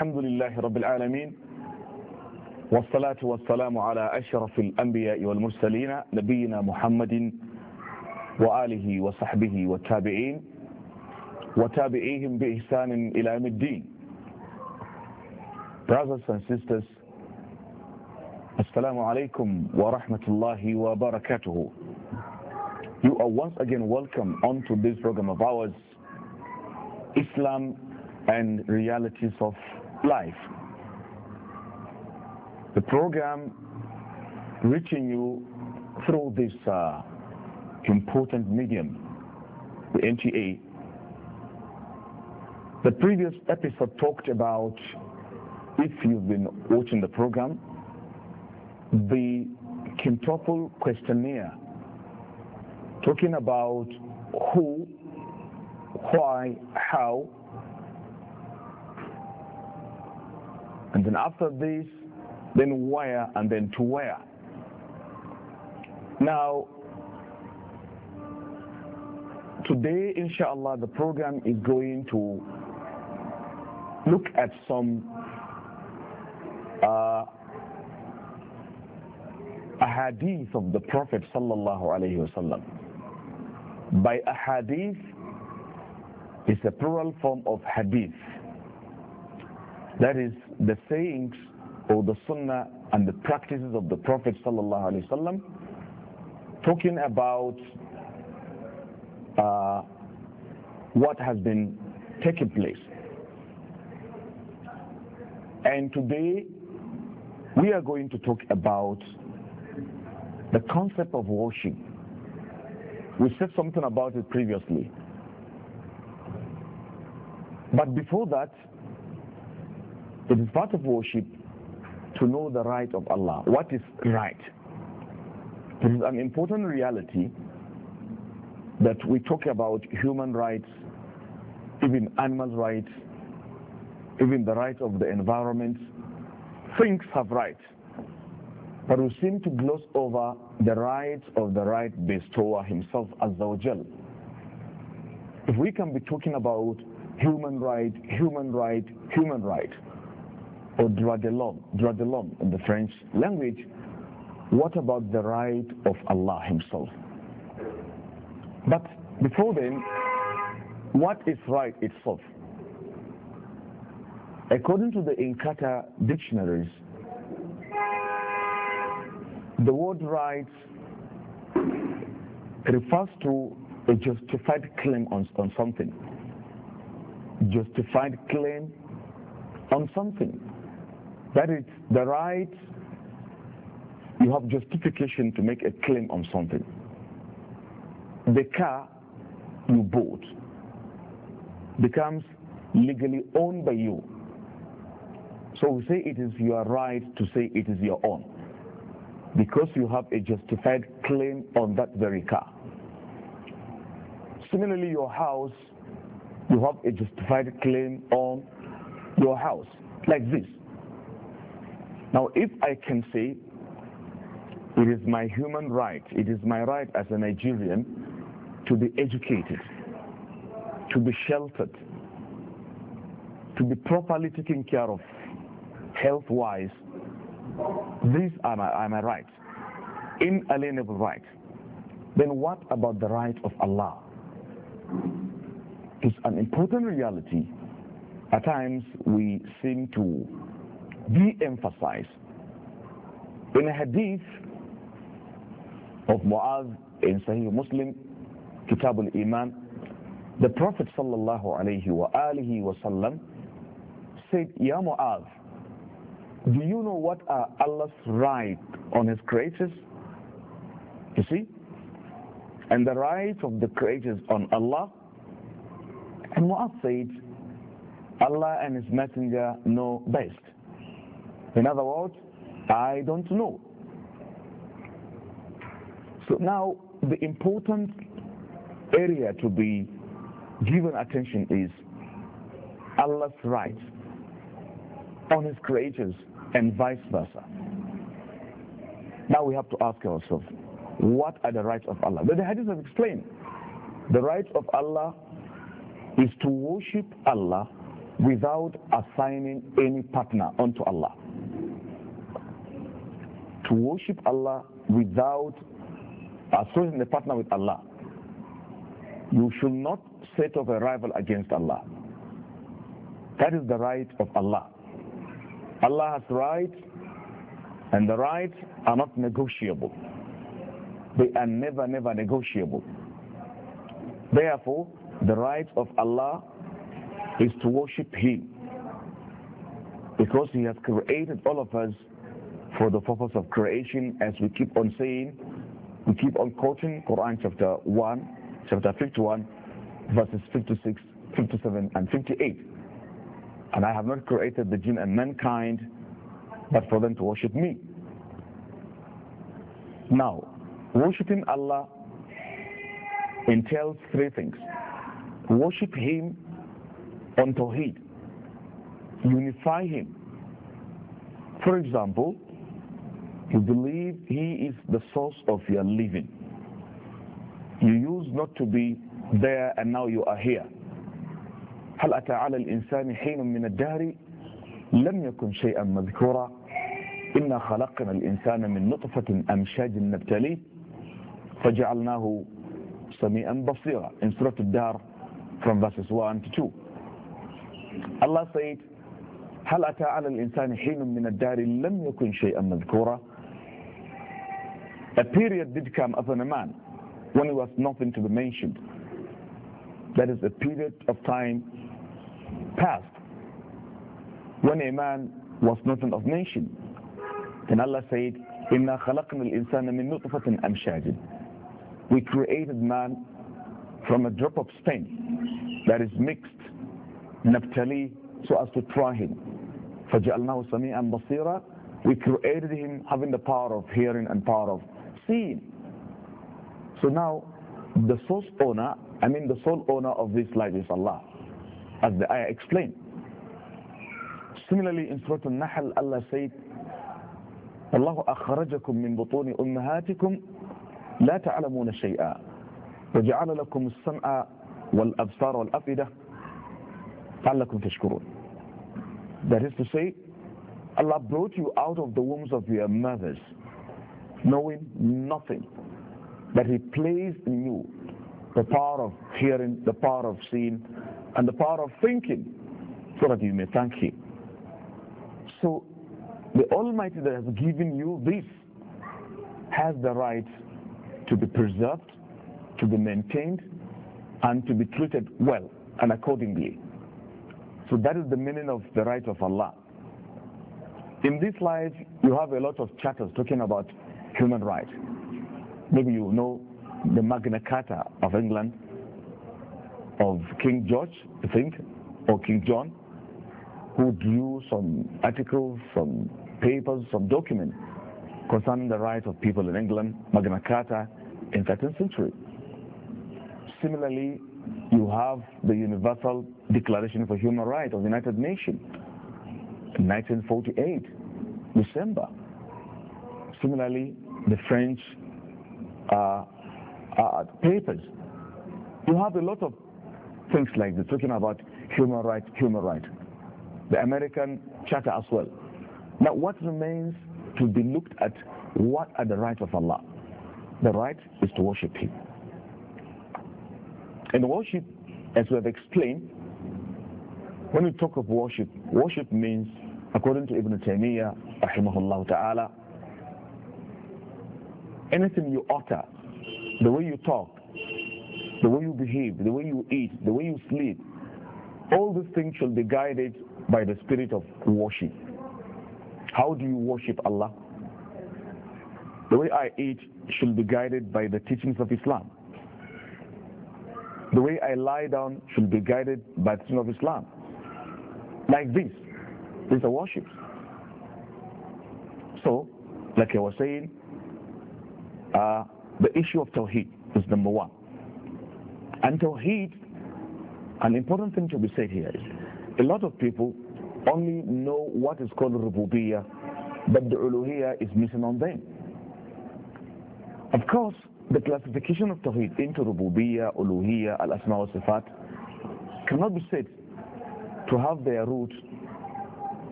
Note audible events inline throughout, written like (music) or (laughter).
الحمد لله رب العالمين والصلاة والسلام على أشرف الأنبياء والمرسلين نبينا محمد وآله وصحبه والتابعين وتابعيهم بإحسان إلى يوم الدين Brothers and sisters السلام عليكم ورحمة الله وبركاته You are once again welcome onto this program of ours Islam and realities of life. The program reaching you through this uh, important medium, the NTA. The previous episode talked about, if you've been watching the program, the quintuple questionnaire, talking about who, why, how, And then after this, then where and then to where. Now, today, inshallah, the program is going to look at some uh, ahadith of the Prophet sallallahu alaihi wasallam. By ahadith, it's a plural form of hadith. That is the sayings or the sunnah and the practices of the Prophet sallallahu alaihi wasallam, talking about uh, what has been taking place. And today we are going to talk about the concept of worship. We said something about it previously. But before that, it is part of worship to know the right of Allah. What is right? It is an important reality that we talk about human rights, even animal rights, even the rights of the environment. Things have rights. But we seem to gloss over the rights of the right bestower himself, Azza wa Jal. If we can be talking about human right, human right, human right, or droit de l'homme, droit de l'homme in the French language, what about the right of Allah Himself? But before then, what is right itself? According to the Inkata dictionaries, the word right refers to a justified claim on, on something. Justified claim on something. That is the right you have justification to make a claim on something. The car you bought becomes legally owned by you. So we say it is your right to say it is your own because you have a justified claim on that very car. Similarly, your house, you have a justified claim on your house, like this. Now, if I can say it is my human right, it is my right as a Nigerian to be educated, to be sheltered, to be properly taken care of health-wise, these are my, are my rights, inalienable rights. Then what about the right of Allah? It's an important reality. At times we seem to de-emphasize. In a hadith of Muaz in Sahih Muslim, Kitab al-Iman, the Prophet sallallahu alayhi wa alihi wa sallam said, Ya Muaz, do you know what are Allah's right on his creatures? You see? And the right of the creatures on Allah? And Muaz said, Allah and his messenger know best. In other words, I don't know. So now the important area to be given attention is Allah's right on his creators and vice versa. Now we have to ask ourselves, what are the rights of Allah? But the hadith has explained. The right of Allah is to worship Allah without assigning any partner unto Allah to worship Allah without associating a partner with Allah. You should not set up a rival against Allah. That is the right of Allah. Allah has rights, and the rights are not negotiable. They are never, never negotiable. Therefore, the right of Allah is to worship Him because He has created all of us for the purpose of creation, as we keep on saying, we keep on quoting Quran chapter 1, chapter 51, verses 56, 57, and 58. And I have not created the jinn and mankind, but for them to worship me. Now, worshipping Allah entails three things. Worship Him on Tawheed. Unify Him. For example, You believe He is the source of your living. You used not to be there and now you are here. هل أتى على الإنسان حين من الدهر لم يكن شيئا مذكورا إنا خلقنا الإنسان من نطفة أمشاج نبتلي فجعلناه سميعا بصيرا in سورة الدهر from verses 1 to 2 Allah said هل أتى على الإنسان حين من الدهر لم يكن شيئا مذكورا A period did come upon a man when he was nothing to be mentioned. That is a period of time past when a man was nothing of mention. Then Allah said, إِنَّا خَلَقْنَا الْإِنسَانَ مِنْ نُطْفَةٍ أَمْشَاجٍ We created man from a drop of stain that is mixed, naftali, so as to try him. فَجَعَلْنَاهُ سَمِيعًا بَصِيرًا We created him having the power of hearing and power of seen. So now, the source owner, I mean the sole owner of this life is Allah, as the ayah explained. Similarly, in Surah Al-Nahl, Allah said, الله أخرجكم من بطون أمهاتكم لا تعلمون شيئا وجعل لكم السمع والأبصار والأفئدة لعلكم تشكرون That is to say, Allah brought you out of the wombs of your mothers knowing nothing. But He placed in you the power of hearing, the power of seeing, and the power of thinking so that you may thank Him. So the Almighty that has given you this has the right to be preserved, to be maintained, and to be treated well and accordingly. So that is the meaning of the right of Allah. In this life, you have a lot of chapters talking about human rights. Maybe you know the Magna Carta of England, of King George, I think, or King John, who drew some articles, some papers, some documents concerning the rights of people in England, Magna Carta, in 13th century. Similarly, you have the Universal Declaration for Human Rights of the United Nations 1948, December. Similarly, the French uh, uh, papers. You have a lot of things like this, talking about human rights, human rights. The American Charter as well. Now, what remains to be looked at, what are the rights of Allah? The right is to worship Him. And worship, as we have explained, when we talk of worship, worship means, according to Ibn Taymiyyah, rahimahullah تَعَالَى anything you utter, the way you talk, the way you behave, the way you eat, the way you sleep, all these things shall be guided by the spirit of worship. How do you worship Allah? The way I eat should be guided by the teachings of Islam. The way I lie down should be guided by the teaching of Islam. Like this, is are worship. So, like I was saying, uh, the issue of Tawheed is number one. And Tawheed, an important thing to be said here is a lot of people only know what is called Rububiya, but the uluhiya is missing on them. Of course, the classification of Tawheed into Rububiya, uluhiya, Al-Asma wa Sifat cannot be said to have their root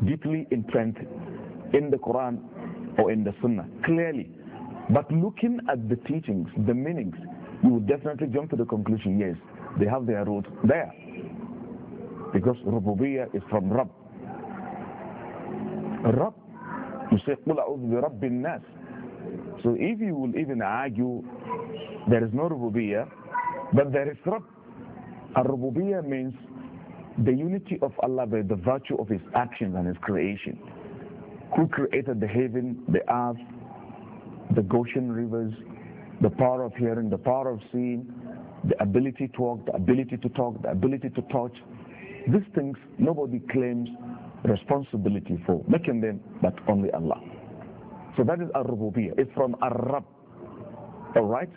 deeply entrenched in the Quran or in the Sunnah. Clearly, but looking at the teachings, the meanings, you will definitely jump to the conclusion, yes, they have their root there. Because rububiyyah is from Rabb. Rabb, you say, قُلْ أَعُوذُ بِرَبِّ النَّاسِ So if you will even argue there is no rububiyyah, but there is Rabb. Al-rububiyyah means the unity of Allah by the virtue of His actions and His creation. Who created the heaven, the earth, the Goshen rivers, the power of hearing, the power of seeing, the ability to walk, the ability to talk, the ability to touch. These things nobody claims responsibility for making them, but only Allah. So that is al-rububiyyah. It's from Arab. All right?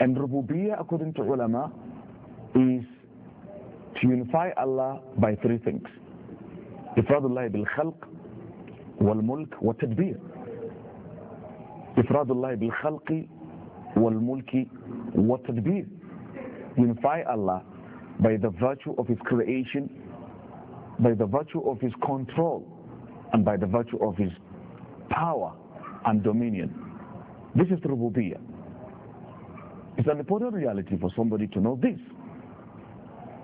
And rububiyyah, according to ulama, is to unify Allah by three things. Ifradullah bil-khalq, wal-mulk, wa-tadbir. إفراد الله بالخلق والملك والتدبير unify Allah by the virtue of his creation by the virtue of his control and by the virtue of his power and dominion this is rububiyah it's an important reality for somebody to know this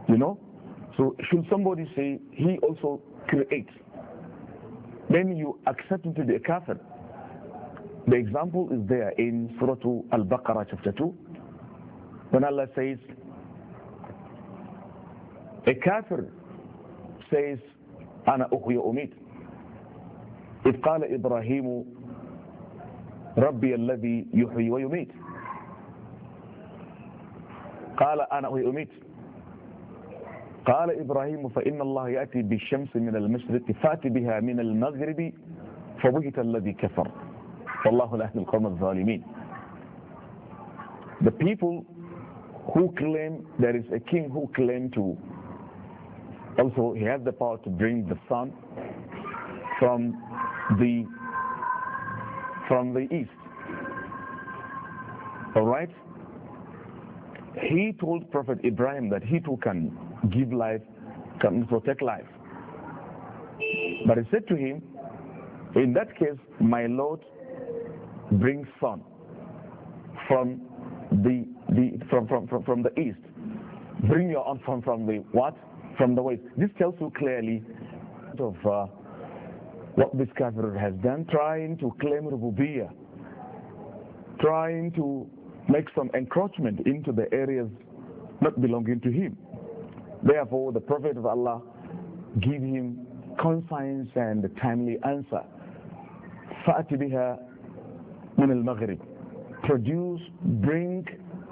you know so should somebody say he also creates then you accept him to be a kafir The example is there in Surah Al-Baqarah chapter 2 when Allah says, a kafir says, أنا أخي أميت إذ قال إبراهيم ربي الذي يحيي ويميت قال أنا أحيي أميت قال إبراهيم فإن الله يأتي بالشمس من المشرق فأتي بها من المغرب فبهت الذي كفر The people who claim there is a king who claim to also he has the power to bring the sun from the from the east. All right? He told Prophet Ibrahim that he too can give life, can protect life. But he said to him, In that case, my Lord Bring sun from the, the from, from, from, from the east. Bring your own from, from the what? From the west. This tells you clearly of uh, what this kafir has done, trying to claim rububiyah, trying to make some encroachment into the areas not belonging to him. Therefore, the Prophet of Allah give him conscience and timely answer. In al-Maghrib. Produce, bring,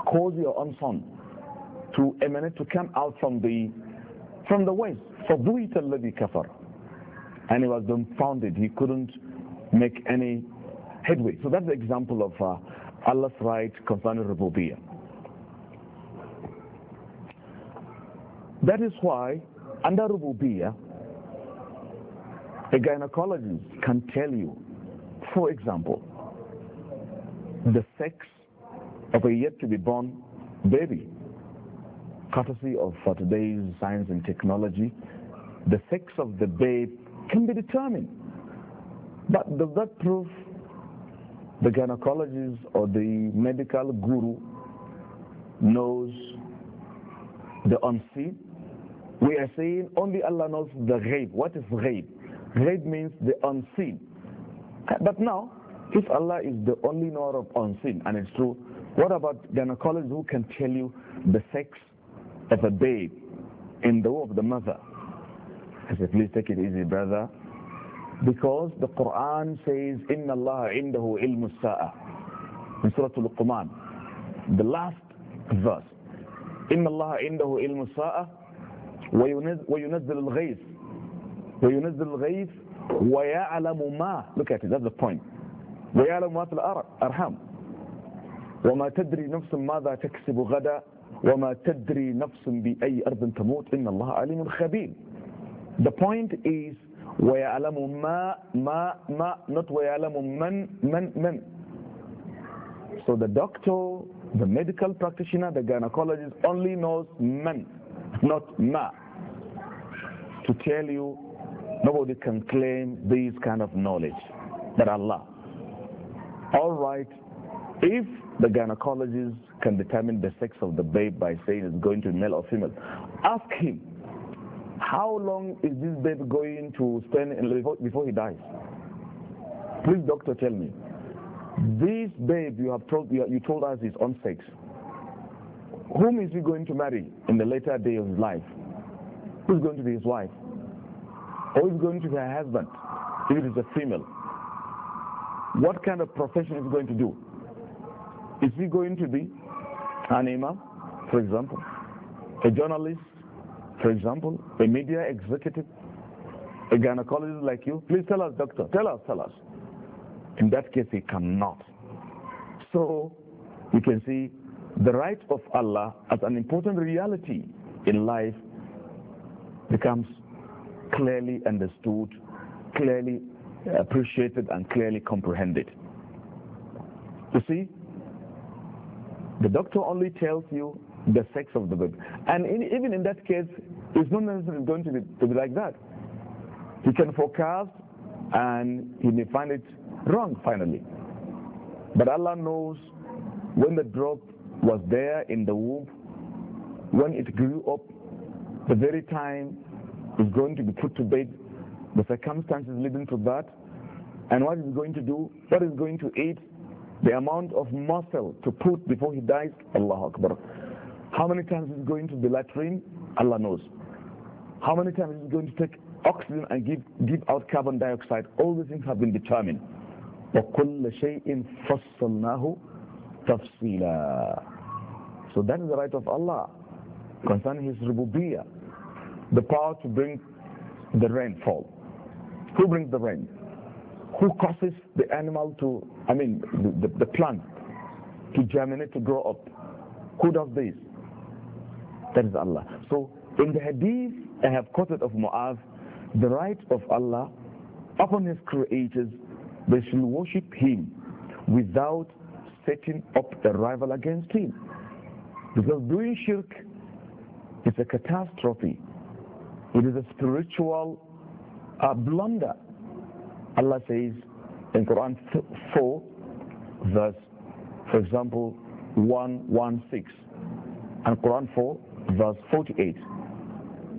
cause your own son to emanate, to come out from the from the west. فَضُوِيْتَ الَّذِي كَفَرْ And he was dumbfounded. He couldn't make any headway. So that's the example of uh, Allah's right concerning Rububiyyah. That is why under Rububiyyah, a gynecologist can tell you, for example, the sex of a yet to be born baby. Courtesy of for uh, today's science and technology, the sex of the babe can be determined. But does that prove the gynecologist or the medical guru knows the unseen? We are saying only Allah knows the grave. What is grave? Grave means the unseen. But now, if Allah is the only knower of unseen, and it's true, what about gynecologists who can tell you the sex of a babe in the womb of the mother? I said, please take it easy, brother. Because the Quran says, Inna Allah indahu In Surah Al-Luqman, the last verse. Inna Allah indahu ilmu sa'a وينزل الغيث وينزل الغيث ويعلم ما. Look at it, that's the point. ويعلم ما في الأرحام وما تدري نفس ماذا تكسب غدا وما تدري نفس بأي أرض تموت إن الله عليم خبير The point is ويعلم ما ما ما not ويعلم من من من So the doctor, the medical practitioner, the gynecologist only knows men, not ma. To tell you, nobody can claim this kind of knowledge that Allah All right, if the gynecologist can determine the sex of the babe by saying it's going to be male or female, ask him, how long is this baby going to spend before he dies? Please, doctor, tell me. This babe you have told you told us is on sex. Whom is he going to marry in the later day of his life? Who's going to be his wife? Or is going to be her husband if it is a female? what kind of profession is going to do? Is he going to be an imam, for example, a journalist, for example, a media executive, a gynecologist like you? Please tell us, doctor. Tell us, tell us. In that case, he cannot. So you can see the right of Allah as an important reality in life becomes clearly understood, clearly uh, appreciated and clearly comprehended. You see, the doctor only tells you the sex of the baby. And in, even in that case, it's not necessarily going to be, to be like that. He can forecast and he may find it wrong finally. But Allah knows when the drop was there in the womb, when it grew up, the very time it's going to be put to bed the circumstances leading to that, and what is going to do, what is going to eat, the amount of muscle to put before he dies, Allah Akbar. How many times is going to the latrine, Allah knows. How many times is going to take oxygen and give, give out carbon dioxide, all these things have been determined. وَكُلَّ شَيْءٍ فَصَّلْنَاهُ تَفْصِيلًا So that is the right of Allah concerning His rububiyyah, the power to bring the rainfall, who brings the rain? Who causes the animal to, I mean, the, the, the plant to germinate, to grow up? Who does this? That is Allah. So in the hadith I have quoted of Mu'az, the right of Allah upon his creators, they shall worship him without setting up a rival against him. Because doing shirk is a catastrophe. It is a spiritual a blunder. Allah says in Quran 4, verse, for example, 116, and Quran 4, verse 48.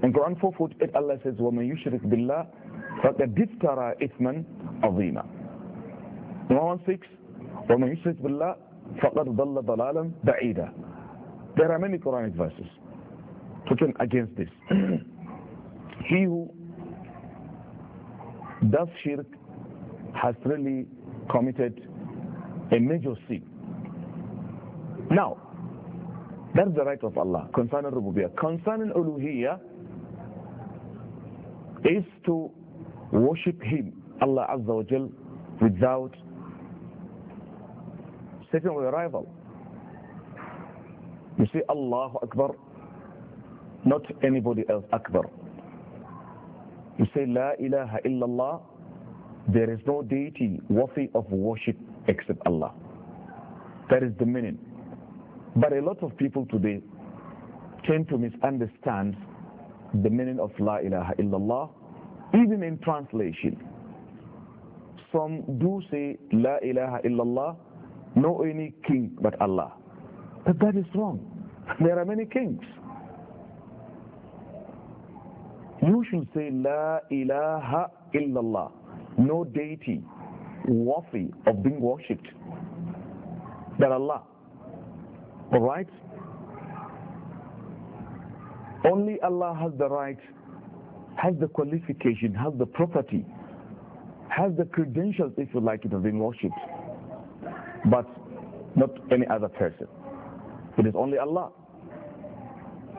In Quran 4, 48, Allah says, وَمَن يُشْرِكْ بِاللَّهِ فَقَدْ افْتَرَى إِثْمًا عَظِيمًا 116, وَمَن يُشْرِكْ بِاللَّهِ فَقَدْ ضَلَّ ضَلَالًا بَعِيدًا There are many Quranic verses talking against this. (clears throat) he who that shirk has really committed a major sin. Now, that's the right of Allah concerning Rububiya. Concerning Uluhiya is to worship Him, Allah Azza wa Jal, without a rival. You see, Allah Akbar, not anybody else Akbar. You say, La ilaha illallah, there is no deity worthy of worship except Allah. That is the meaning. But a lot of people today tend to misunderstand the meaning of La ilaha illallah, even in translation. Some do say La ilaha illallah, no any king but Allah. But that is wrong. There are many kings. You should say La ilaha illallah. No deity worthy of being worshipped than Allah. Alright? Only Allah has the right, has the qualification, has the property, has the credentials, if you like it, of being worshipped. But not any other person. It is only Allah.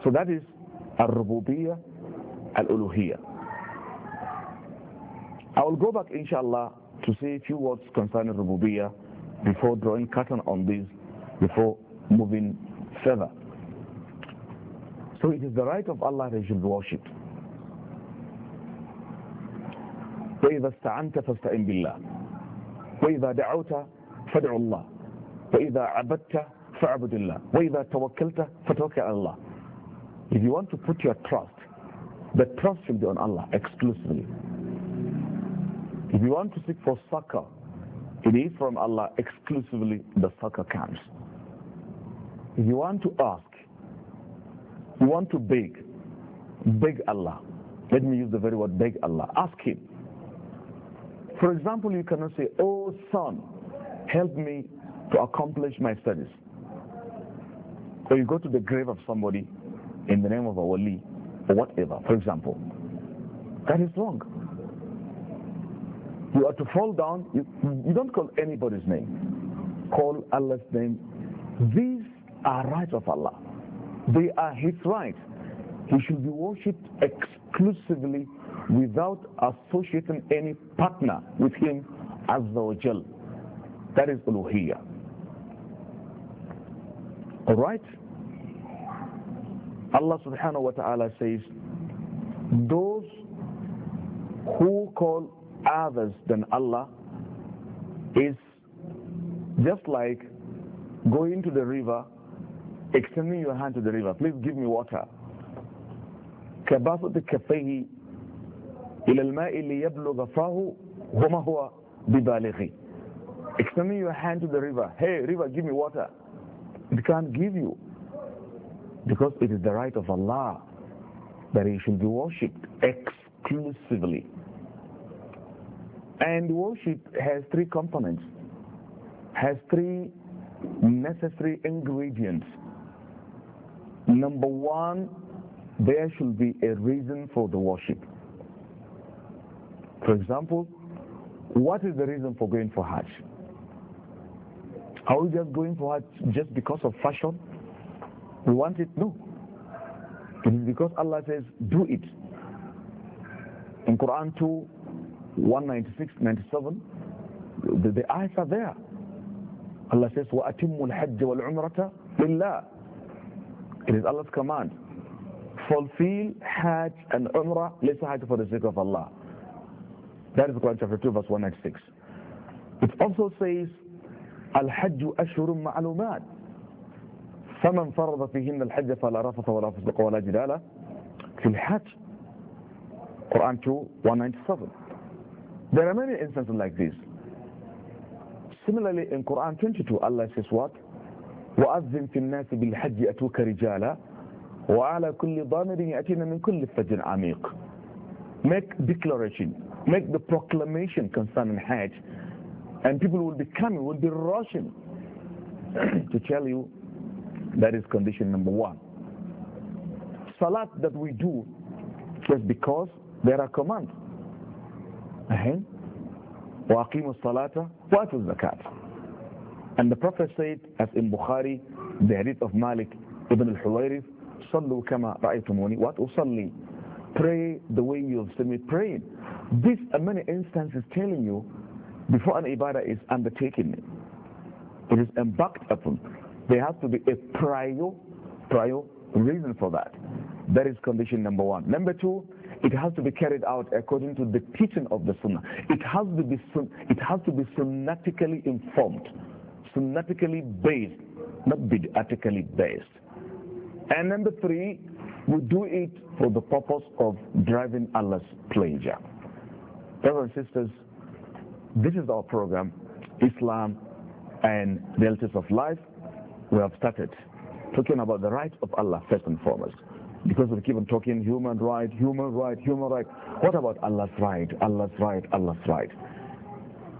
So that is al-rububiyyah al-uluhiyya. I will go back, inshallah, to say a few words concerning rububiyya before drawing curtain on this, before moving further. So it is the right of Allah that should worship. worshipped. وإذا استعنت فاستعن بالله وإذا دعوت فادع الله وإذا عبدت فاعبد الله وإذا توكلت فتوكل على الله If you want to put your trust the trust should be on Allah exclusively. If you want to seek for succor, it is from Allah exclusively the succor comes. If you want to ask, you want to beg, beg Allah. Let me use the very word beg Allah. Ask Him. For example, you cannot say, Oh son, help me to accomplish my studies. Or you go to the grave of somebody in the name of a wali or whatever, for example. That is wrong. You are to fall down, you, you don't call anybody's name. Call Allah's name. These are rights of Allah. They are His rights. He should be worshipped exclusively without associating any partner with Him as the That is Uluhiyya. Alright? Allah subhanahu wa ta'ala says, those who call others than Allah is just like going to the river, extending your hand to the river, please give me water. كباسط كفيه إلى الماء ليبلغ فاه وما هو ببالغه Extending your hand to the river, hey river give me water. It can't give you. Because it is the right of Allah that He should be worshipped exclusively. And worship has three components, has three necessary ingredients. Number one, there should be a reason for the worship. For example, what is the reason for going for Hajj? Are we just going for Hajj just because of fashion? We want it? No. It is because Allah says, do it. In Quran 2, 196, 97, the, the ayahs are there. Allah says, وَأَتِمُّ الْحَجَّ وَالْعُمْرَةَ لِلَّهِ It is Allah's command. Fulfill Hajj and Umrah, let's Hajj for the sake of Allah. That is Quran chapter 2, verse 196. It also says, "Al-hajj أشهر معلومات فمن فرض فيهن الحج فلا رفث ولا فسق ولا جدال في الحج Quran 2 197 There are many instances like this Similarly in Quran 22 Allah says what وأذن في الناس بالحج أتوك رجالا وعلى كل ضامر يأتينا من كل فج عميق Make declaration, make the proclamation concerning Hajj and people will be coming, will be rushing to tell you That is condition number one. Salat that we do just because there are commands. وَأَقِيمُوا الصَّلَاةَ وَأَتُوا الزَّكَاةَ And the Prophet said, as in Bukhari, the hadith of Malik ibn al-Huwairith, صَلُّوا كَمَا رَأَيْتُمُونِي وَأَتُصَلِّي Pray the way you have seen me praying. This, in uh, many instances, telling you, before an ibadah is undertaken, it is embarked upon there has to be a prior, prior reason for that. That is condition number one. Number two, it has to be carried out according to the teaching of the Sunnah. It has to be, it has to be sunnatically informed, sunnatically based, not bid'atically based. And number three, we do it for the purpose of driving Allah's pleasure. Brothers and sisters, this is our program, Islam and the Realities of Life we have started talking about the right of Allah first and foremost. Because we keep on talking human right, human right, human right. What about Allah's right, Allah's right, Allah's right?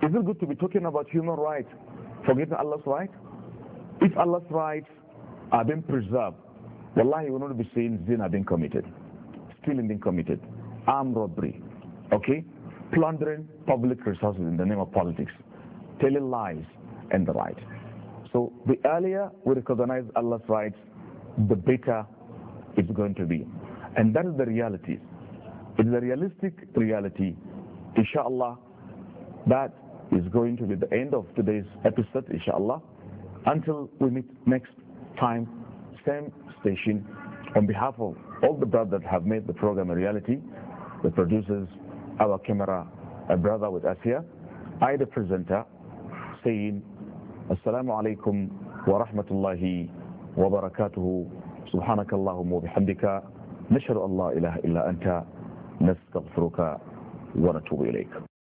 Is it good to be talking about human rights, forgetting Allah's right? If Allah's rights are being preserved, wallahi, will not be seeing zina being committed, stealing being committed, armed robbery, okay? Plundering public resources in the name of politics, telling lies and the right. So the earlier we recognize Allah's rights, the better it's going to be. And that is the reality. It's a realistic reality. Inshallah, that is going to be the end of today's episode, inshallah. Until we meet next time, same station, on behalf of all the brothers that have made the program a reality, the producers, our camera, a brother with us here, I, the presenter, saying السلام عليكم ورحمة الله وبركاته سبحانك اللهم وبحمدك نشهد أن لا إله إلا أنت نستغفرك ونتوب إليك